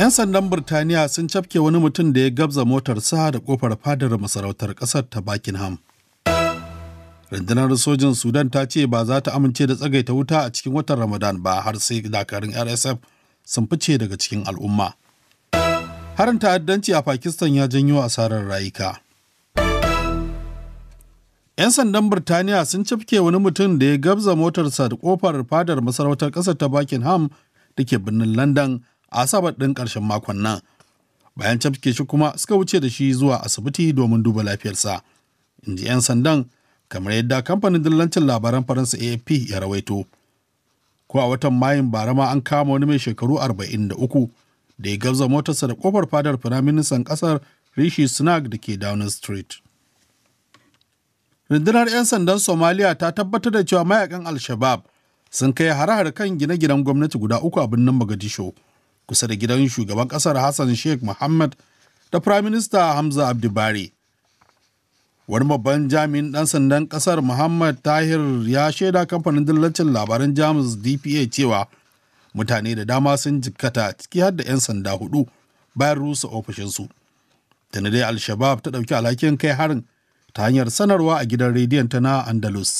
'Yan sandan Birtaniya sun cafke wani mutum da ya gabza motarsa da kofar fadar masarautar ƙasar ta Buckingham. Rundunar sojin Sudan ta ce ba za ta amince da tsagaita wuta a cikin watan Ramadan ba har sai dakarun RSF sun fice daga cikin al'umma. Harin ta'addanci a Pakistan ya janyo asarar rayuka. 'Yan sandan Birtaniya sun cafke wani mutum da ya gabza motarsa da kofar fadar masarautar ƙasar ta Buckingham da ke birnin London a asabar ɗin ƙarshen makon nan bayan cafke shi kuma suka wuce da shi zuwa asibiti domin duba lafiyarsa in ji 'yan sandan kamar yadda kamfanin dillancin labaran faransa afp ya rawaito ko a watan mayun bara ma an kama wani mai shekaru arba'in da uku, da ya gabza motarsa da kofar fadar firaministan kasar rishi sunak da ke downing street rundunar 'yan sandan somaliya ta tabbatar da cewa mayakan al-shabab sun kai hare-hare kan gine-ginen gwamnati guda uku a birnin mogadishu kusa da gidan shugaban kasar Hassan Sheikh Mohammed da Prime Minister Hamza Abdibare. Wani babban jami'in ɗan sandan kasar Muhammad Tahir ya shaida kamfanin dillacin labaran Jamus DPA cewa mutane da dama sun jikkata ciki har da 'yan sanda hudu bayan rusa ofishinsu. Tana dai Al-Shabab ta ɗauki alhakin kai harin ta hanyar sanarwa a gidan rediyon ta na Andalus.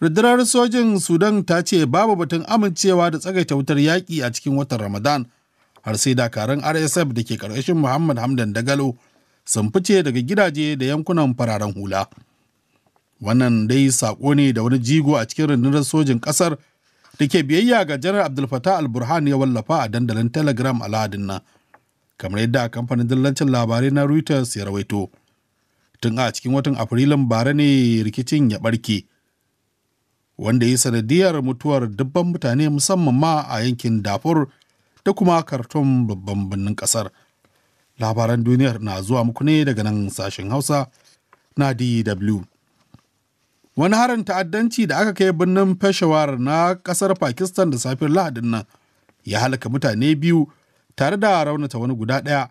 rundunar sojin sudan ta ce babu batun amincewa da tsagaita wutar yaƙi a cikin watan ramadan har sai dakarun rsf da ke ƙarƙashin muhammad hamdan dagalo sun fice daga gidaje da yankunan fararen hula wannan dai saƙo ne da wani jigo a cikin rundunar sojin ƙasar da ke biyayya ga janar abdulfatah al ya wallafa a dandalin telegram a lahadin nan kamar yadda kamfanin dillancin labarai na reuters ya rawaito tun a cikin watan afrilun bara ne rikicin ya ɓarke wanda ya yi sanadiyar mutuwar dubban mutane musamman ma a yankin dafur da kuma karton babban birnin kasar labaran duniyar na zuwa muku ne daga nan sashen hausa na dw wani harin ta'addanci da aka kai birnin peshawar na kasar pakistan da safiyar lahadin nan ya halaka mutane biyu tare da raunata wani guda ɗaya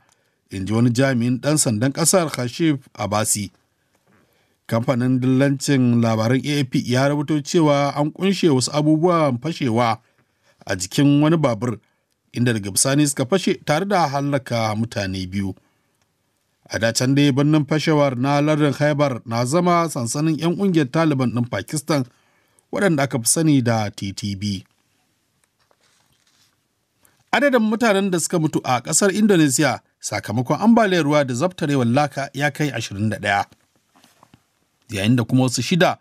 in ji wani jami'in ɗan sandan ƙasar khashif abasi kamfanin dillancin labaran AAP ya rubuto cewa an kunshe wasu abubuwan fashewa a jikin wani babur inda daga bisani suka fashe tare da hallaka mutane biyu a dacen dai birnin fashewar na lardin haibar na zama sansanin 'yan ƙungiyar taliban ɗin pakistan waɗanda aka fi sani da ttb adadin mutanen da suka mutu a ƙasar indonesia sakamakon ambaliyar ruwa da zabtarewar laka ya kai 21 yayin da kuma wasu shida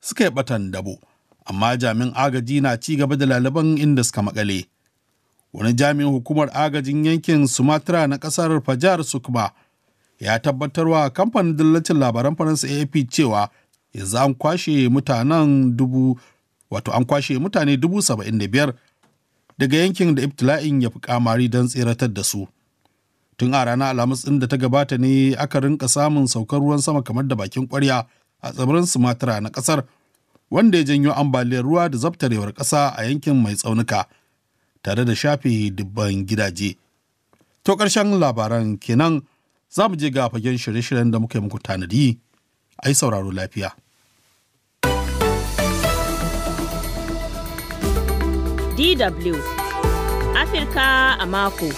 suka yi batan dabo amma jami'in agaji na ci gaba da laliban inda suka makale wani jami'in hukumar agajin yankin sumatra na kasar fajar sukba ya tabbatarwa kamfanin dillacin labaran faransa afp cewa yanzu an kwashe mutanen dubu wato an kwashe mutane dubu saba'in da biyar daga yankin da ibtila'in ya fi kamari don tseratar da su tun a ranar alhamis ɗin da ta gabata ne aka rinka samun saukar ruwan sama kamar da bakin kwarya a tsibirin sumatra na kasar wanda ya janyo ambaliyar ruwa da zabtarewar ƙasa a yankin mai tsaunuka tare da shafe dubban gidaje to ƙarshen labaran kenan za mu je ga fagen shirye-shiryen da muka yi muku tanadi a yi sauraro lafiya DW Afirka a mako.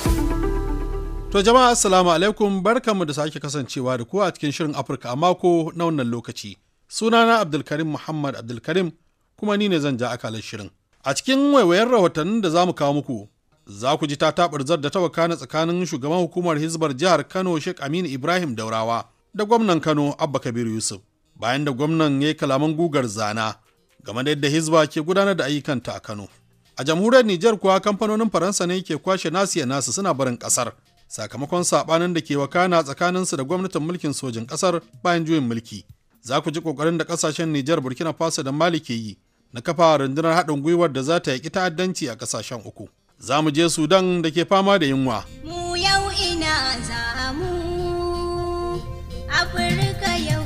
To jama'a assalamu alaikum barkanmu da sake kasancewa da ku a cikin shirin Afirka a mako na wannan lokaci. Sunana Abdulkarim Muhammad Abdulkarim kuma ni ne zan ja aka lan shirin. A cikin waiwayar rahotannin da za mu kawo muku za ku ji ta taɓarzar da tawaka na tsakanin shugaban hukumar hizbar jihar Kano Sheikh Aminu Ibrahim Daurawa da gwamnan Kano Abba Kabir Yusuf. Bayan da gwamnan ya yi kalaman gugar zana game da yadda hizba ke gudanar da ayyukanta a Kano. A jamhuriyar Nijar kuwa kamfanonin Faransa ne ke kwashe nasu ya nasu suna barin ƙasar. sakamakon saɓanin da ke wakana tsakaninsu da gwamnatin mulkin sojin ƙasar bayan juyin mulki za ku ji ƙoƙarin da ƙasashen nijar burkina faso da mali ke yi na kafa rundunar haɗin gwiwar da za ta yaƙi ta'addanci a ƙasashen uku za mu je sudan da ke fama da yunwa mu yau ina za mu afirka yau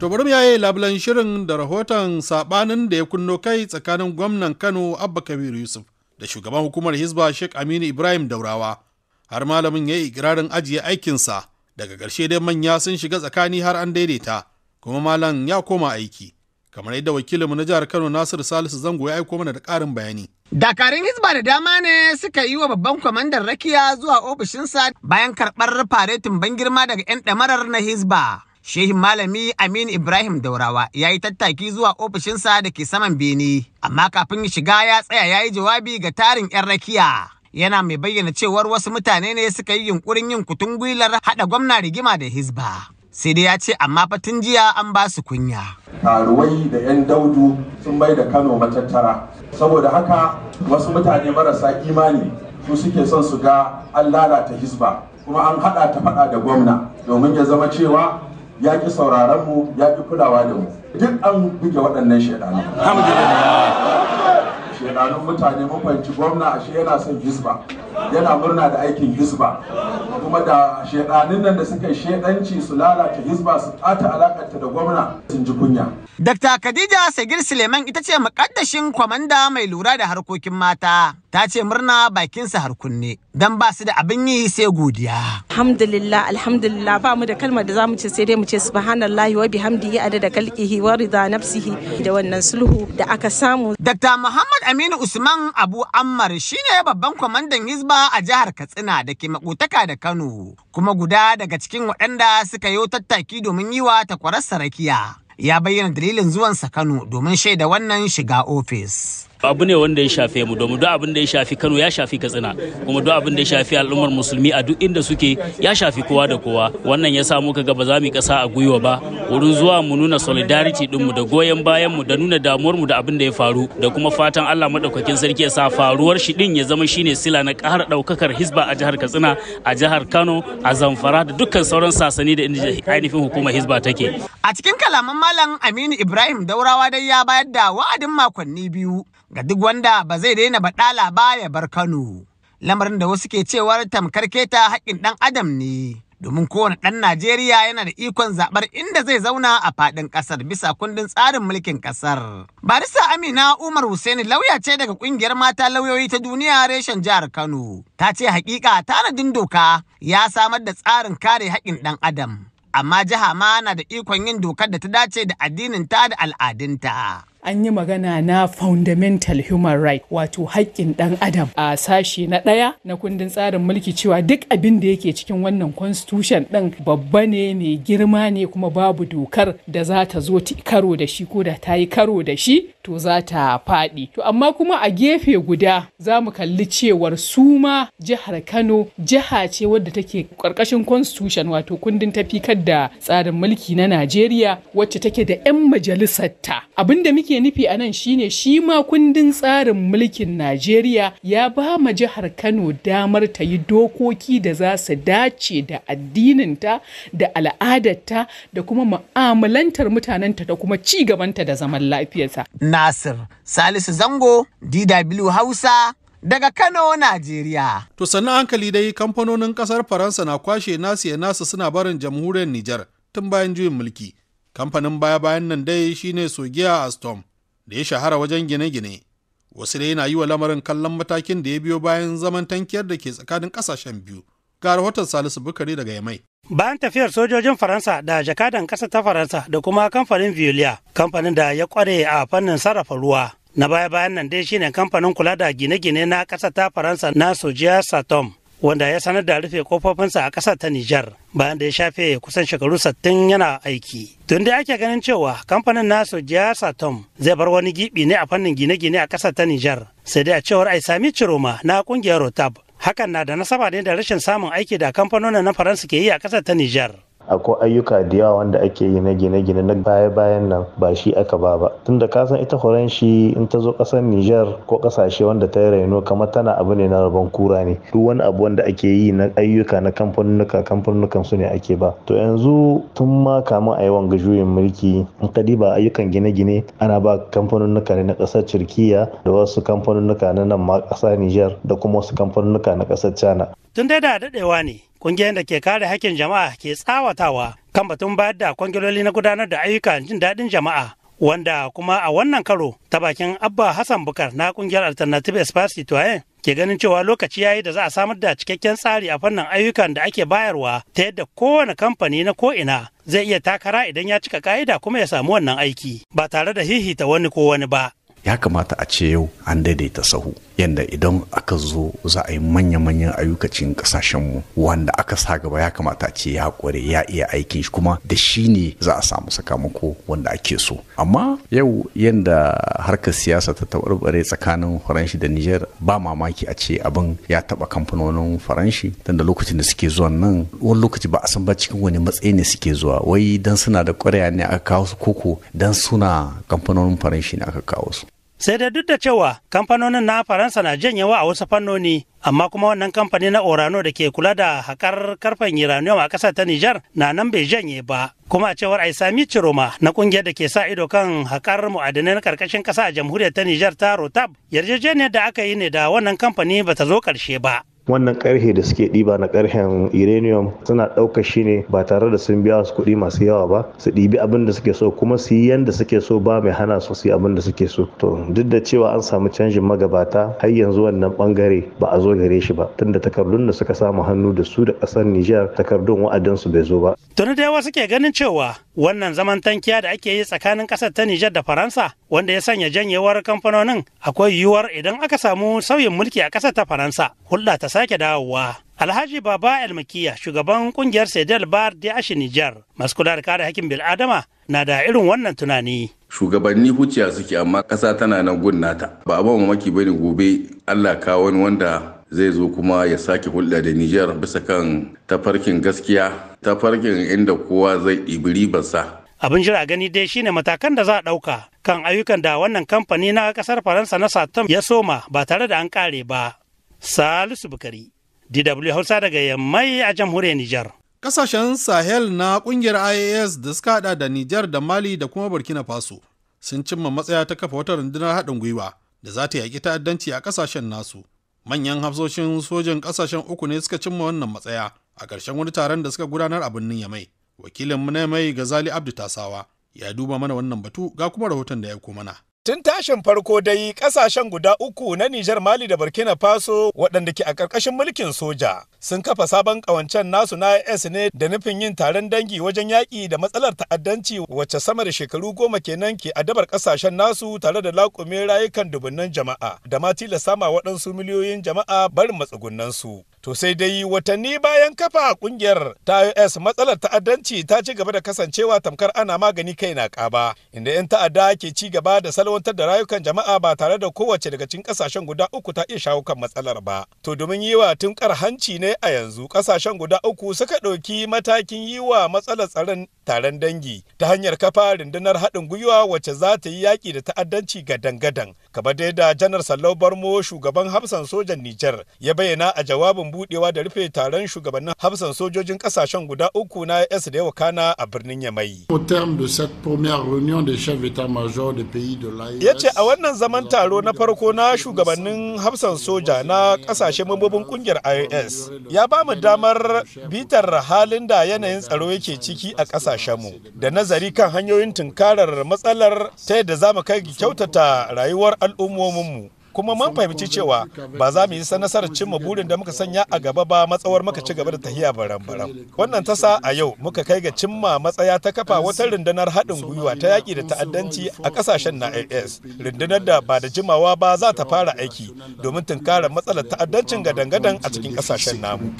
To bari mu yaye labulan shirin da rahoton saɓanin da ya kunno kai tsakanin gwamnan Kano Abba Kabiru Yusuf da shugaban hukumar Hizba Sheikh Aminu Ibrahim Daurawa har malamin ya yi ikirarin ajiye aikinsa daga ƙarshe dai manya sun shiga tsakani har an daidaita kuma malam ya koma aiki kamar yadda wakilinmu na jihar kano nasiru salisu zango ya aiko mana da ƙarin bayani Dakarun Hizba da dama ne suka yi wa babban kwamandan rakiya zuwa ofishinsa bayan karɓar faretin ban girma daga 'yan ɗamarar na Hizba. Shehin Malami Amin Ibrahim Daurawa ya yi tattaki zuwa ofishinsa da ke saman Bene, amma kafin shiga ya tsaya ya yi jawabi ga tarin 'yan rakiya. yana mai bayyana cewar wasu mutane ne suka yi yunkurin yin kutun gwilar haɗa gwamna rigima da Hisba, sai dai ya ce amma fatin jiya an ba su kunya karuwai da 'yan daudu sun bai da kano matattara saboda haka wasu mutane marasa imani su suke son su ga an lalata Hisba kuma an haɗa ta faɗa da gwamna domin ya zama cewa ya ƙi sauraron mu ya ƙi kulawa da mu duk an buge waɗannan shaidanu shedanun mutane mafanci gwamna ashe yana son hizba yana murna da aikin hizba kuma da shedanun nan da suka shedanci su lalata hizba su ɓata alakarta da gwamna sun ji kunya Dr. Khadija Sagir Suleiman ita ce makaddashin kwamanda mai lura da harkokin mata. Ta ce murna bakinsa harkunne don ba su da abin yi sai godiya. Alhamdulillah, alhamdulillah ba mu da kalmar da zamu ce sai dai mu ce subhanallahi wa bihamdihi adada kalqihi wa ridha nafsihi da wannan sulhu da aka samu. Dr. Muhammad Aminu Usman Abu Ammar shine babban kwamandan Hizba a jihar Katsina da ke makotaka da Kano kuma guda daga cikin waɗanda suka yi tattaki domin yi wa takwarar sarakiya. ya bayyana dalilin zuwansa Kano domin shaida wannan shiga ofis. abu ne wanda ya shafe mu domin duk abin da ya shafi Kano ya shafi Katsina kuma duk abin da ya shafi al'ummar musulmi a duk inda suke ya shafi kowa da kowa wannan ya samu muka ga ba za mu kasa a gwiwa ba wurin zuwa mu nuna solidarity dinmu da goyon bayan mu da nuna damuwar mu da abin da ya faru da kuma fatan Allah madaukakin sarki ya sa faruwar shi din ya zama shine sila na ƙara daukakar hisba a jihar Katsina a jihar Kano a Zamfara da dukkan sauran sasani da ainihin hukumar hisba take a cikin kalaman malam Aminu Ibrahim Daurawa dai ya bayar da wa'adin makonni biyu ga duk wanda ba zai daina baɗala ba ya bar Kano. Lamarin da wasu ke cewa tamkar keta haƙƙin ɗan adam ne. Domin kowane ɗan Najeriya yana da ikon zaɓar inda zai zauna a faɗin ƙasar bisa kundin tsarin mulkin ƙasar. Barisa Amina Umar Hussaini lauya ce daga ƙungiyar mata lauyoyi ta duniya reshen jihar Kano. Ta ce haƙiƙa tanadin doka ya samar da tsarin kare haƙƙin ɗan adam. amma jiha ma na da ikon yin dokar da ta dace da addinin ta da al'adunta. an yi magana na fundamental human right wato haƙƙin ɗan adam a sashi na ɗaya na kundin tsarin mulki cewa duk abin da yake cikin wannan constitution ɗin babba ne mai girma ne kuma babu dokar da za ta zo ta karo da shi ko da ta yi karo da shi to za ta faɗi. To amma kuma a gefe guda za mu kalli cewar suma jihar Kano jiha ce wadda take ƙarƙashin constitution wato kundin tafikar da tsarin mulki na Najeriya wacce take da 'yan majalisarta. Abin da muke nufi a nan shine shi ma kundin tsarin mulkin Najeriya ya ba ma jihar Kano damar ta yi dokoki da za su dace da addininta da al'adarta da kuma ma'amalantar mutanenta da kuma ci gabanta da zaman lafiyarsa. Na Nasir, Salisu Zango, DW Hausa, daga Kano, Najeriya. To sannan hankali dai kamfanonin kasar Faransa na kwashe nasu ya nasu suna barin jamhuriyar Nijar tun bayan juyin mulki. Kamfanin baya-bayan nan dai shine Sogiya Astom da ya shahara wajen gine-gine. Wasu dai na yi wa lamarin kallon matakin da ya biyo bayan zaman tankiyar da ke tsakanin kasashen biyu. Ga rahoton Salisu Bukari daga Yamai. Bayan tafiyar sojojin Faransa da jakadan ƙasa ta Faransa da kuma kamfanin Violia, kamfanin da ya kware a fannin sarrafa ruwa. Na baya-bayan nan dai shine kamfanin kula da gine-gine na ƙasa ta Faransa na Sojiya Satom, wanda ya sanar da rufe kofofinsa a ƙasar ta Nijar, bayan da ya shafe kusan shekaru sattin yana aiki. Tun da ake ganin cewa kamfanin na Sojiya Satom zai bar wani gibi ne a fannin gine-gine a ƙasar ta Nijar, sai dai a cewar Aisami Ciroma na ƙungiyar Rotab hakan na da nasaba ne da rashin samun aiki da kamfanonin na faransa ke yi a ƙasar ta nijar akwai ayyuka da yawa wanda ake yi na gine-gine na baya-bayan nan ba shi aka ba ba tunda ka san ita horon shi in ta zo kasar Niger ko kasashe wanda ta yi raino kamar tana abu ne na rabon kura ne duk wani abu wanda ake yi na ayyuka na kamfanunuka kamfanunukan su ne ake ba to yanzu tun ma kamun a yi wanga juyin mulki in ka diba ayyukan gine-gine ana ba kamfanunuka ne na kasar Turkiya da wasu kamfanunuka na nan ma kasar Niger da kuma wasu kamfanunuka na kasar China tun dai da dadewa ne Ƙungiyar da ke kare hakkin jama'a ke tsawatawa kan batun bayar da kwangiloli na gudanar da ayyukan jin daɗin jama'a wanda kuma a wannan karo ta bakin abba hassan bukar na kungiyar alternative espace citoyen ke ganin cewa lokaci yayi da za a samar da cikakken tsari a fannin ayyukan da ake bayarwa ta yadda kowane kamfani na ko'ina zai iya takara idan ya cika ka'ida kuma ya samu wannan aiki ba tare da hihita wani ko wani ba ya kamata a ce yau an daidaita sahu yadda idan aka zo za a yi manya-manyan ayyukacin kasashenmu wanda aka sa gaba ya kamata a ce ya kware ya iya aikin shi kuma da shi ne za a samu sakamako wanda ake so amma yau yadda harkar siyasa ta tabarbare tsakanin faranshi da niger ba mamaki a ce abin ya taba kamfanonin faranshi don lokacin da suke zuwa nan wani lokaci ba a san ba cikin wani matsayi ne suke zuwa wai dan suna da kwarya ne aka kawo su koko dan suna kamfanonin faranshi ne aka kawo su sai dai duk da cewa kamfanonin na faransa na janyewa a wasu fannoni amma kuma wannan kamfani na orano da ke kula da haƙar karfen uranium a ƙasar ta nijar na nan bai janye ba kuma a cewar sami ciroma na ƙungiyar da ke sa ido kan haƙar mu'adinai na ƙarƙashin ƙasa a jamhuriyar ta nijar ta rotab yarjejeniyar da aka yi ne da wannan kamfani ba ta zo ƙarshe ba wannan karhe da suke ɗiba na karhen uranium suna ɗauka shi ne ba tare da sun biya su kuɗi masu yawa ba su ɗibi abin da suke so kuma su yi yanda suke so ba mai hana su su yi abin da suke so to duk da cewa an samu canjin magabata har yanzu wannan bangare ba a zo gare shi ba tunda takardun da suka samu hannu da su da ƙasar Nijar takardun wa'adin su bai zo ba. Tuni da yawa suke ganin cewa wannan zaman tankiya da ake yi tsakanin ƙasar ta Nijar da Faransa wanda ya sanya janyewar kamfanonin akwai yiwuwar idan aka samu sauyin mulki a ƙasar ta faransa hulɗa ta sake dawowa alhaji baba elmakiya shugaban kungiyar sedel bar da ashi nijar masu kula da kare hakkin bil'adama na da irin wannan tunani shugabanni huciya suke amma ƙasa tana nan gun nata ba abin mamaki bane gobe allah kawo wani wanda zai zo kuma ya sake hulɗa da nijar bisa kan tafarkin gaskiya tafarkin inda kowa zai ɗibi ribarsa abin jira gani dai shine matakan da za a ɗauka kan ayyukan da wannan kamfani na ƙasar faransa na satom ya soma ba tare da an kare ba salisu bukari dw hausa daga yammai a jamhuriyar nijar kasashen sahel na kungiyar ias da suka hada da nijar da mali da kuma burkina faso sun cimma matsaya ta kafa wata rundunar haɗin gwiwa da za ta yaƙi ta'addanci a kasashen nasu manyan hafsoshin sojin kasashen uku ne suka cimma wannan matsaya a ƙarshen wani taron da suka gudanar a birnin yamai wakilin mu na mai gazali abdu tasawa ya duba mana wannan batu ga kuma rahoton da ya ko mana Tun tashin farko dai kasashen guda uku na Nijar Mali da Burkina Faso waɗanda ke a ƙarƙashin mulkin soja sun kafa sabon ƙawancen nasu na is ne da nufin yin taron dangi wajen yaƙi da matsalar ta'addanci wacce sama da shekaru goma kenan ke dabar ƙasashen nasu tare da lakumin rayukan dubunnan jama'a da ma tilasta ma waɗansu miliyoyin jama'a barin matsugunnansu To sai dai watanni bayan kafa kungiyar ta US matsalar ta'addanci ta ci gaba da kasancewa tamkar ana magani kai na kaba inda 'yan ta'adda ke ci gaba da salwantar da rayukan jama'a ba tare da kowace daga cikin kasashen guda uku ta iya shawo kan matsalar ba. To domin yi wa tunkar hanci ne a yanzu kasashen guda uku suka ɗauki matakin yi wa matsalar tsaron taron dangi ta hanyar kafa rundunar haɗin gwiwa wace za ta yi yaƙi da ta'addanci ga dangadan kamar dai da janar sallau barmo shugaban hafsan sojan nijar ya bayyana a jawabin buɗewa da rufe taron shugabannin hafsan sojojin ƙasashen guda uku na yas da wakana a birnin yamai e ya ce a wannan zaman taro na farko na shugabannin hafsan soja na ƙasashe mambobin ƙungiyar ios e ya ba mu damar bitar halin da yanayin tsaro yake ciki a ƙasashen mu da nazari kan hanyoyin tunkarar matsalar ta yadda za mu kai kyautata rayuwar al'ummominmu kuma mun fahimci cewa ba za mu yi nasarar cimma burin da muka sanya a gaba ba matsawar muka ci gaba da tahiya baran-baran wannan tasa a yau muka kai ga cimma matsaya ta kafa wata rundunar haɗin gwiwa ta yaki da ta'addanci a kasashen na as rundunar da ba da jimawa ba za ta fara aiki domin tunkara matsalar ta'addancin gadangadan dangadan a cikin ƙasashen namu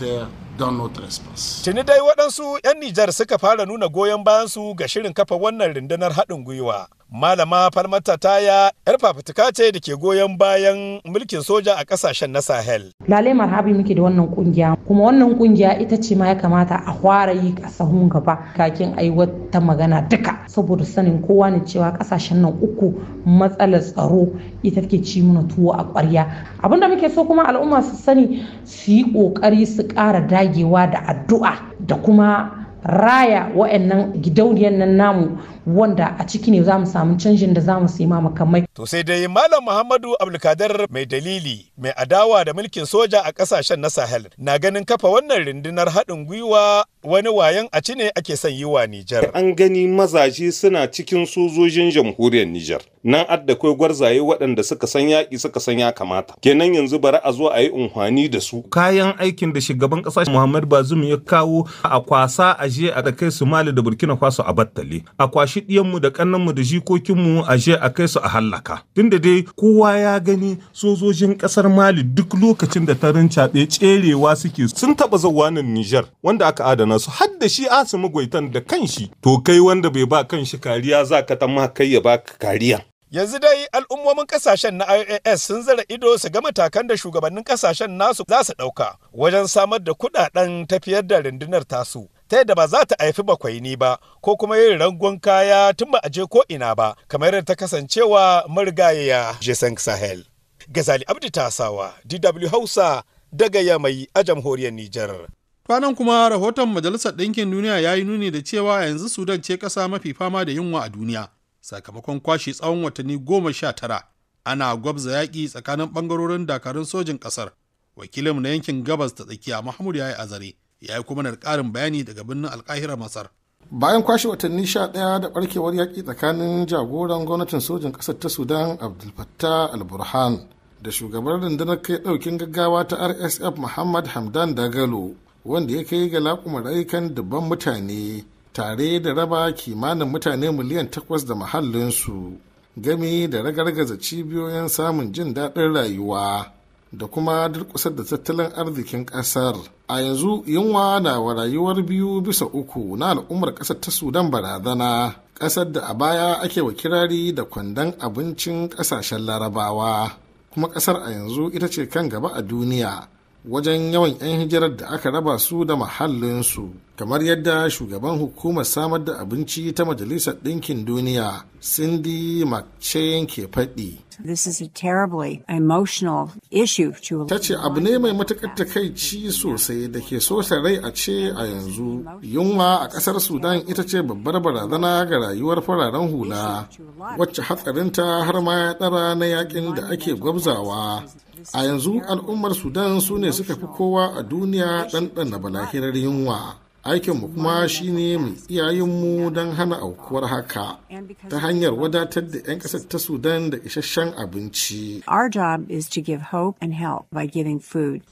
Tuni dai waɗansu 'yan Nijar suka fara nuna goyon bayansu ga shirin kafa wannan rundunar haɗin gwiwa. malama falmata taya yar fafutuka ce da ke goyon bayan mulkin soja a kasashen na sahel lalai marhabi muke da wannan kungiya kuma wannan kungiya ita ce ma ya kamata a fara yi a sahun gaba kakin ai wata magana duka saboda sanin kowa ne cewa kasashen nan uku matsalar tsaro ita take ci mana tuwo a kwarya abinda muke so kuma al'umma su sani su yi kokari su ƙara dagewa da addu'a da kuma raya wa'annan gidauniyar nan namu wanda a ciki ne za mu samu canjin da za mu ma makamai. To sai dai Malam Muhammadu Abdulkadir mai dalili mai adawa da mulkin soja a kasashen na Sahel na ganin kafa wannan rundunar haɗin gwiwa wani wayan a ci ne ake son yi wa Nijar. An gani mazaje suna cikin sojojin jamhuriyar Nijar. Nan adda kai gwarzaye waɗanda suka san yaƙi suka san ya kamata. Kenan yanzu bari a zo a yi unhwani da su. Kayan aikin da shugaban ƙasa Muhammad Bazum ya kawo a kwasa a je a kai Somali da Burkina Faso a battale. A kwashi ɗauki da ƙannanmu da jikokinmu a je a kai su a hallaka tunda dai kowa ya gani sojojin ƙasar mali duk lokacin da ta rincaɓe tserewa suke sun taɓa zauwa nan nijar wanda aka adana su har da shi asimi gwaitan da kanshi to kai wanda bai ba kanshi kariya za ka ta ma kai ya baka kariya Yanzu dai al'ummomin kasashen na IAS sun zara ido su ga matakan da shugabannin kasashen nasu za su ɗauka wajen samar da kuɗaɗen tafiyar da rundunar tasu. ta yadda ba za ta haifi bakwaini ba ko kuma yin rangon kaya tun ba a je ko ina ba kamar yadda ta kasancewa marigayaya jason sahel gazali abdi tasawa dw hausa daga yamai a jamhuriyar nijar kwanan kuma rahoton majalisar ɗinkin duniya ya yi nuni da cewa yanzu sudan ce ƙasa mafi fama da yunwa a duniya sakamakon kwashe tsawon watanni goma sha tara ana gwabza yaƙi tsakanin ɓangarorin dakarun sojin ƙasar wakilin na yankin gabas ta tsakiya mahmud ya yi azare ya yi kuma ƙarin bayani daga birnin alkahira masar bayan kwashe watanni sha ɗaya da ɓarkewar yaƙi tsakanin jagoran gwamnatin sojin ƙasar ta sudan abdulfattah alburhan da shugaban rundunar kai ɗaukin gaggawa ta rsf muhammad hamdan dagalo wanda ya kai ga laƙumar ayyukan dubban mutane tare da raba kimanin mutane miliyan takwas da mahallinsu gami da ragargaza cibiyoyin samun jin daɗin rayuwa da kuma durƙusar da tattalin arzikin ƙasar a yanzu yunwa na wa rayuwar biyu bisa uku na al'ummar ƙasar ta sudan barazana ƙasar da a baya ake wa kirari da kwandon abincin ƙasashen larabawa kuma ƙasar a yanzu ita ce kan gaba a duniya wajen yawan 'yan hijirar da aka raba su da su kamar yadda shugaban hukumar samar da abinci ta majalisar ɗinkin duniya cindy mcchain ke faɗi ta ce abu ne mai matuƙar takaici sosai da ke sosa rai a ce a yanzu yunwa a ƙasar sudan ita ce babbar barazana ga rayuwar fararen hula wacce hatsarinta har ma ya ɗara na yakin da ake gwabzawa a yanzu al'ummar sudan su ne suka fi kowa a duniya ɗanɗana balahirar yunwa aikinmu kuma shi ne mai iyayenmu don hana aukuwar haka ta hanyar wadatar da 'yan ƙasar ta sudan da isasshen abinci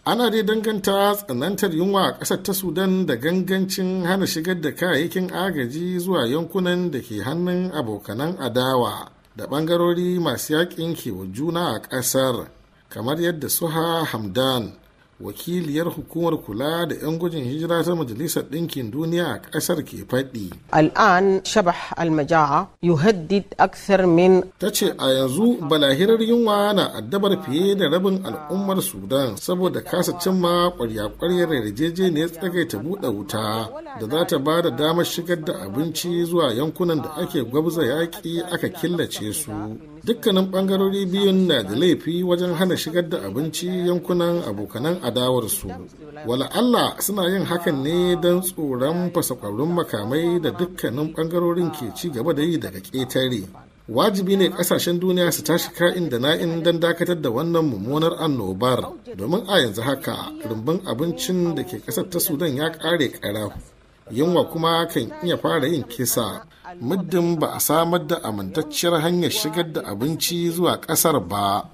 ana dai danganta tsanantar yunwa a ƙasar ta sudan da gangancin hana shigar da kayayyakin agaji zuwa yankunan da ke hannun abokanan adawa da ɓangarori masu yaƙin kewa juna a ƙasar kamar yadda suha hamdan wakiliyar hukumar kula da 'yan gujin hijira ta majalisar ɗinkin duniya a ƙasar ke faɗi. al'an shabah almajaha yuhaddid akthar min ta ce a yanzu balahirar yunwa na addabar fiye da rabin al'ummar sudan saboda kasa cimma ƙwarya-ƙwaryar yarjejeniyar ta buɗe wuta da za ta ba da damar shigar da abinci zuwa yankunan da ake gwabza yaƙi aka killace su dukkanin ɓangarori biyun na da laifi wajen hana shigar da abinci yankunan abokanan adawarsu wala Allah suna yin hakan ne don tsoron fasakwarrun makamai da dukkanin bangarorin ke ci gaba da yi daga ketare. wajibi ne kasashen duniya su tashi ka'in da na'in don dakatar da wannan mummunar annobar domin a yanzu haka rumbun abincin da ke kasar ta sudan ya kare kara yunwa kuma kan iya fara yin kisa muddin ba a samar da amintacciyar hanyar shigar da abinci zuwa kasar ba.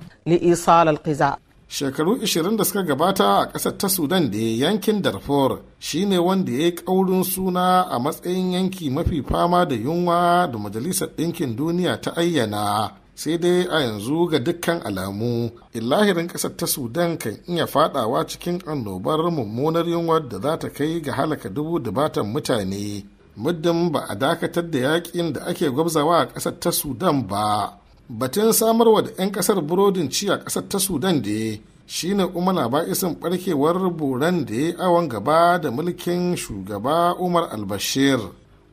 shekaru 20 da suka gabata a ƙasar ta sudan da yankin darfur shine wanda ya yi ƙaurin suna a matsayin yanki mafi fama da yunwa da majalisar ɗinkin duniya ta ayyana sai dai a yanzu ga dukkan alamu illahirin ƙasar ta sudan kan iya fadawa cikin annobar mummunar yunwa da za ta kai ga halaka dubu dubatan mutane muddin ba a dakatar da yakin da ake gwabzawa a ƙasar ta sudan ba batun samarwa da 'yan kasar burodin ci a kasar ta sudan da ya shine ba isin barkewar buran da ya awon gaba da mulkin shugaba umar albashir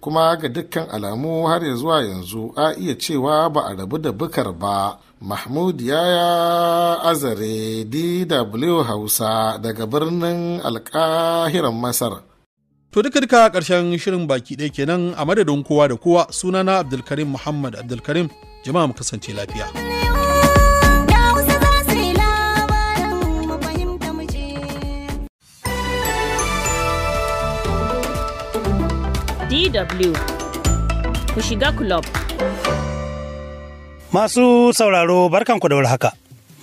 kuma ga dukkan alamu har ya zuwa yanzu a iya cewa ba a rabu da bukar ba mahmud yaya azare dw hausa daga birnin alkahiran masar To duka duka ƙarshen shirin baki ɗaya kenan a madadin kowa da kowa sunana Abdulkarim Muhammad Abdulkarim jama'a mu kasance lafiya. DW ku shiga club. Masu sauraro barkanku da warhaka.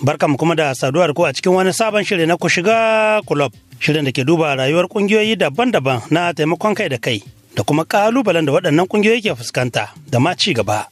Barkanmu kuma da saduwar ku a cikin wani sabon shiri na ku shiga club. Shirin da ke duba rayuwar kungiyoyi daban-daban na taimakon kai da kai da kuma kalubalen da waɗannan kungiyoyi ke fuskanta da ma ci gaba.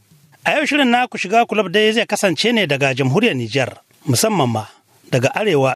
A yau shirin na ku shiga kulab dai zai kasance ne daga jamhuriyar Nijar, musamman ma daga arewa